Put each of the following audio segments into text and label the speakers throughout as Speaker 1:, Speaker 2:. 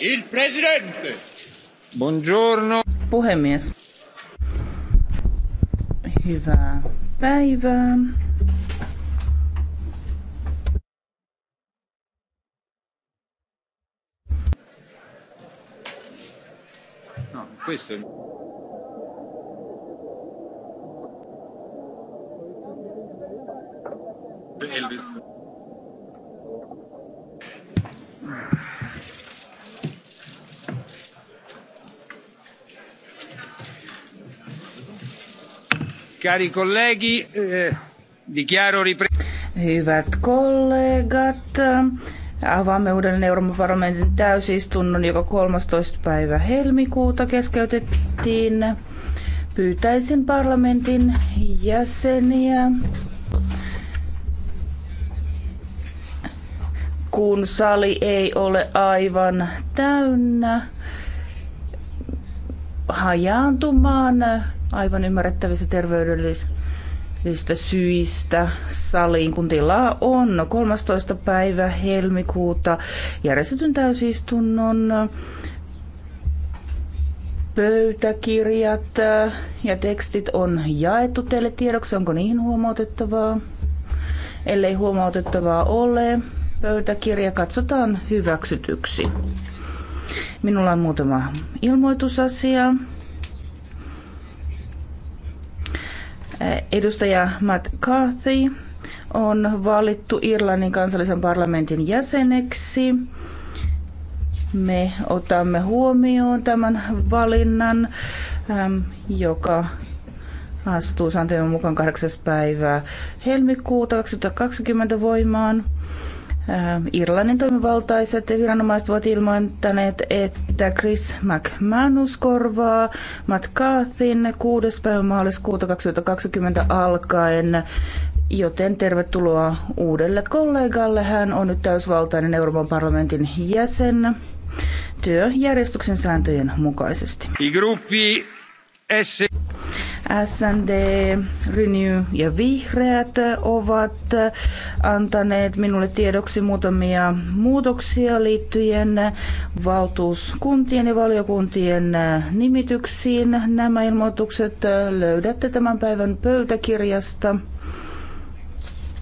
Speaker 1: Il presidente. Buongiorno. Puhemies. Hyvää päivää. No, questo è... Elvis. Eh, Hyvät kollegat, avaamme uuden Euroopan parlamentin täysistunnon, joka 13. päivä helmikuuta keskeytettiin. Pyytäisin parlamentin jäseniä kun sali ei ole aivan täynnä hajaantumaan aivan ymmärrettävistä terveydellisistä syistä saliin, kun tilaa on. 13. päivä helmikuuta järjestetyn täysistunnon pöytäkirjat ja tekstit on jaettu teille tiedoksi. Onko niihin huomautettavaa? Ellei huomautettavaa ole, pöytäkirja katsotaan hyväksytyksi. Minulla on muutama ilmoitusasia. Edustaja Matt Carthy on valittu Irlannin kansallisen parlamentin jäseneksi. Me otamme huomioon tämän valinnan, ähm, joka astuu sääntöjen mukaan 8. päivää helmikuuta 2020 voimaan. Irlannin toimivaltaiset viranomaiset ovat ilmoittaneet, että Chris McManus korvaa Matt Carthin 6. päivä maaliskuuta 2020 alkaen. Joten tervetuloa uudelle kollegalle. Hän on nyt täysvaltainen Euroopan parlamentin jäsen työjärjestyksen sääntöjen mukaisesti. I gruppi S- SND, Renew ja Vihreät ovat antaneet minulle tiedoksi muutamia muutoksia liittyen valtuuskuntien ja valiokuntien nimityksiin. Nämä ilmoitukset löydätte tämän päivän pöytäkirjasta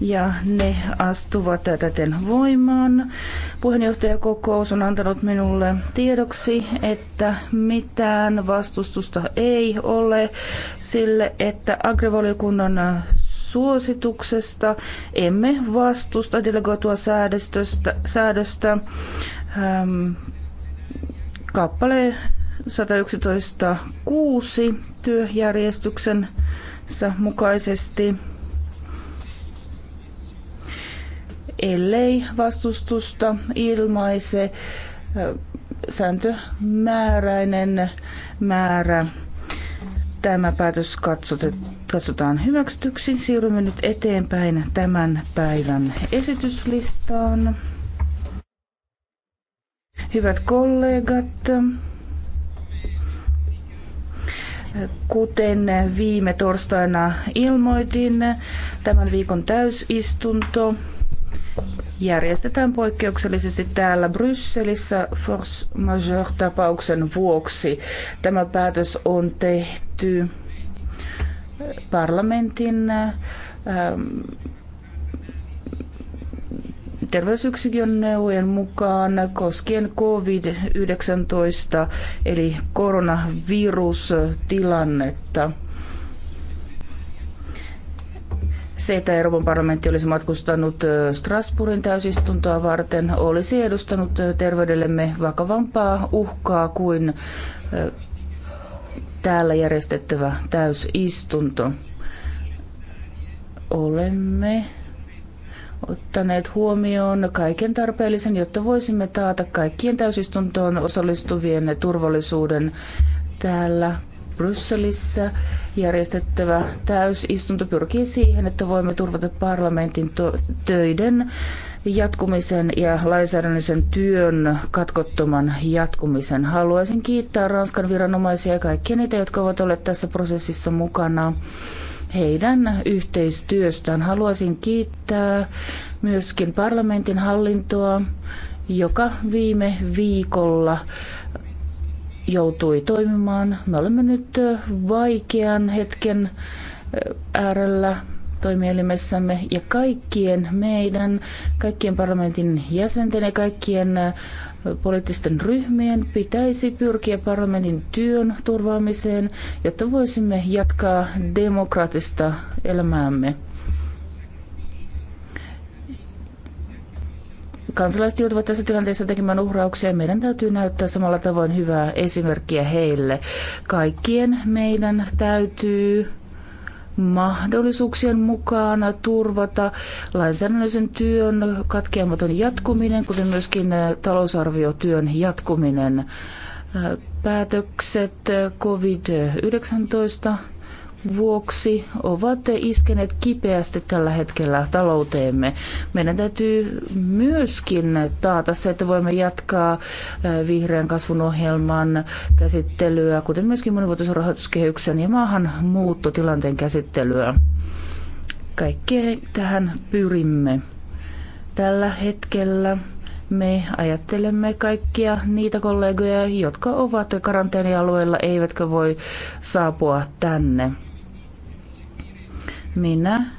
Speaker 1: ja ne astuvat täten voimaan. Puheenjohtajakokous on antanut minulle tiedoksi, että mitään vastustusta ei ole sille, että agrivaliokunnan suosituksesta emme vastusta delegoitua säädöstä, säädöstä ähm, kappale 111.6 työjärjestyksen mukaisesti. ellei vastustusta ilmaise sääntömääräinen määrä. Tämä päätös katsotaan hyväksytyksi. Siirrymme nyt eteenpäin tämän päivän esityslistaan. Hyvät kollegat, Kuten viime torstaina ilmoitin, tämän viikon täysistunto järjestetään poikkeuksellisesti täällä Brysselissä force majeure-tapauksen vuoksi. Tämä päätös on tehty parlamentin ähm, terveysyksikön neuvojen mukaan koskien COVID-19 eli koronavirustilannetta. se, että Euroopan parlamentti olisi matkustanut Strasbourgin täysistuntoa varten, olisi edustanut terveydellemme vakavampaa uhkaa kuin täällä järjestettävä täysistunto. Olemme ottaneet huomioon kaiken tarpeellisen, jotta voisimme taata kaikkien täysistuntoon osallistuvien turvallisuuden. Täällä Brysselissä järjestettävä täysistunto pyrkii siihen, että voimme turvata parlamentin töiden jatkumisen ja lainsäädännöllisen työn katkottoman jatkumisen. Haluaisin kiittää Ranskan viranomaisia ja kaikkia niitä, jotka ovat olleet tässä prosessissa mukana heidän yhteistyöstään. Haluaisin kiittää myöskin parlamentin hallintoa, joka viime viikolla joutui toimimaan. Me olemme nyt vaikean hetken äärellä toimielimessämme ja kaikkien meidän, kaikkien parlamentin jäsenten ja kaikkien poliittisten ryhmien pitäisi pyrkiä parlamentin työn turvaamiseen, jotta voisimme jatkaa demokraattista elämäämme. kansalaiset joutuvat tässä tilanteessa tekemään uhrauksia. Meidän täytyy näyttää samalla tavoin hyvää esimerkkiä heille. Kaikkien meidän täytyy mahdollisuuksien mukaan turvata lainsäädännöllisen työn katkeamaton jatkuminen, kuten myöskin talousarviotyön jatkuminen. Päätökset COVID-19 vuoksi ovat iskeneet kipeästi tällä hetkellä talouteemme. Meidän täytyy myöskin taata se, että voimme jatkaa äh, vihreän kasvun ohjelman käsittelyä, kuten myöskin monivuotisen rahoituskehyksen ja maahanmuuttotilanteen käsittelyä. Kaikkea tähän pyrimme. Tällä hetkellä me ajattelemme kaikkia niitä kollegoja, jotka ovat karanteenialueella eivätkä voi saapua tänne. Minä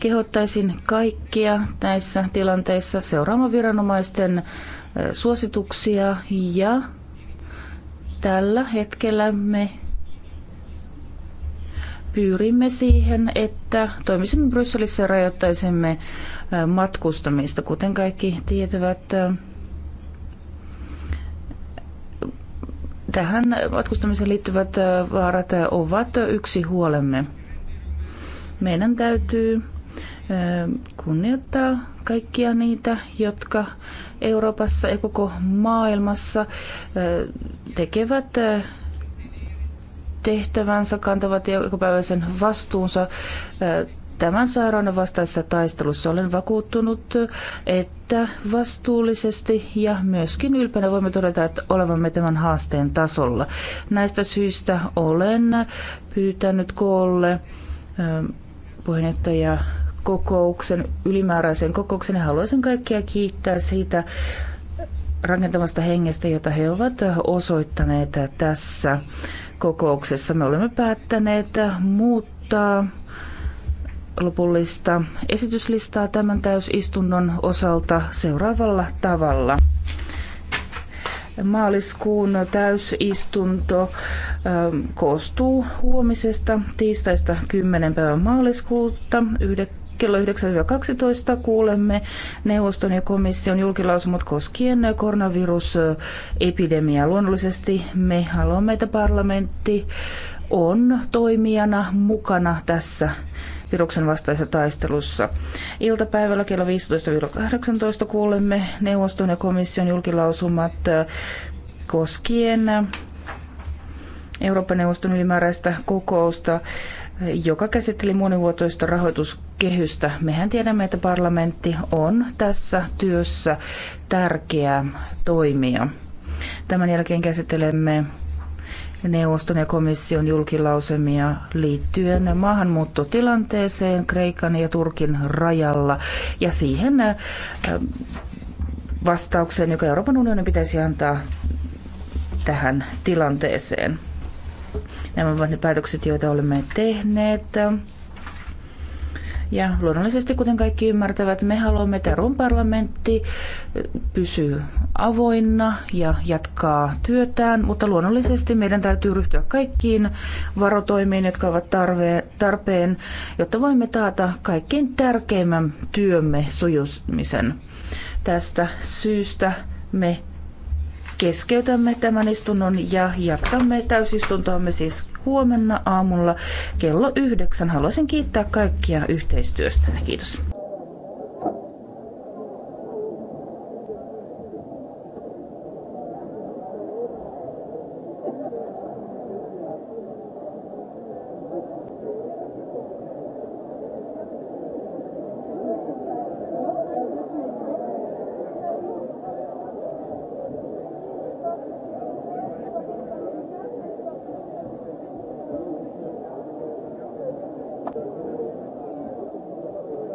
Speaker 1: kehottaisin kaikkia näissä tilanteissa seuraamaan viranomaisten suosituksia ja tällä hetkellä me pyrimme siihen, että toimisimme Brysselissä ja rajoittaisimme matkustamista. Kuten kaikki tietävät, tähän matkustamiseen liittyvät vaarat ovat yksi huolemme meidän täytyy kunnioittaa kaikkia niitä, jotka Euroopassa ja koko maailmassa tekevät tehtävänsä, kantavat jokapäiväisen vastuunsa tämän sairauden vastaisessa taistelussa. Olen vakuuttunut, että vastuullisesti ja myöskin ylpeänä voimme todeta, että olevamme tämän haasteen tasolla. Näistä syistä olen pyytänyt koolle puheenjohtaja kokouksen, ylimääräisen kokouksen. Haluaisin kaikkia kiittää siitä rakentamasta hengestä, jota he ovat osoittaneet tässä kokouksessa. Me olemme päättäneet muuttaa lopullista esityslistaa tämän täysistunnon osalta seuraavalla tavalla. Maaliskuun täysistunto koostuu huomisesta tiistaista 10. päivän maaliskuuta kello 9-12 kuulemme neuvoston ja komission julkilausumat koskien koronavirusepidemiaa. Luonnollisesti me haluamme, että parlamentti on toimijana mukana tässä viruksen vastaisessa taistelussa. Iltapäivällä kello 15-18 kuulemme neuvoston ja komission julkilausumat koskien Euroopan neuvoston ylimääräistä kokousta, joka käsitteli monivuotoista rahoituskehystä. Mehän tiedämme, että parlamentti on tässä työssä tärkeä toimija. Tämän jälkeen käsittelemme neuvoston ja komission julkilausemia liittyen maahanmuuttotilanteeseen Kreikan ja Turkin rajalla ja siihen äh, vastaukseen, joka Euroopan unionin pitäisi antaa tähän tilanteeseen. Nämä ovat ne päätökset, joita olemme tehneet. Ja luonnollisesti, kuten kaikki ymmärtävät, me haluamme, että Euroopan parlamentti pysyy avoinna ja jatkaa työtään, mutta luonnollisesti meidän täytyy ryhtyä kaikkiin varotoimiin, jotka ovat tarve, tarpeen, jotta voimme taata kaikkein tärkeimmän työmme sujumisen. Tästä syystä me keskeytämme tämän istunnon ja jatkamme täysistuntoamme siis huomenna aamulla kello yhdeksän. Haluaisin kiittää kaikkia yhteistyöstä. Kiitos.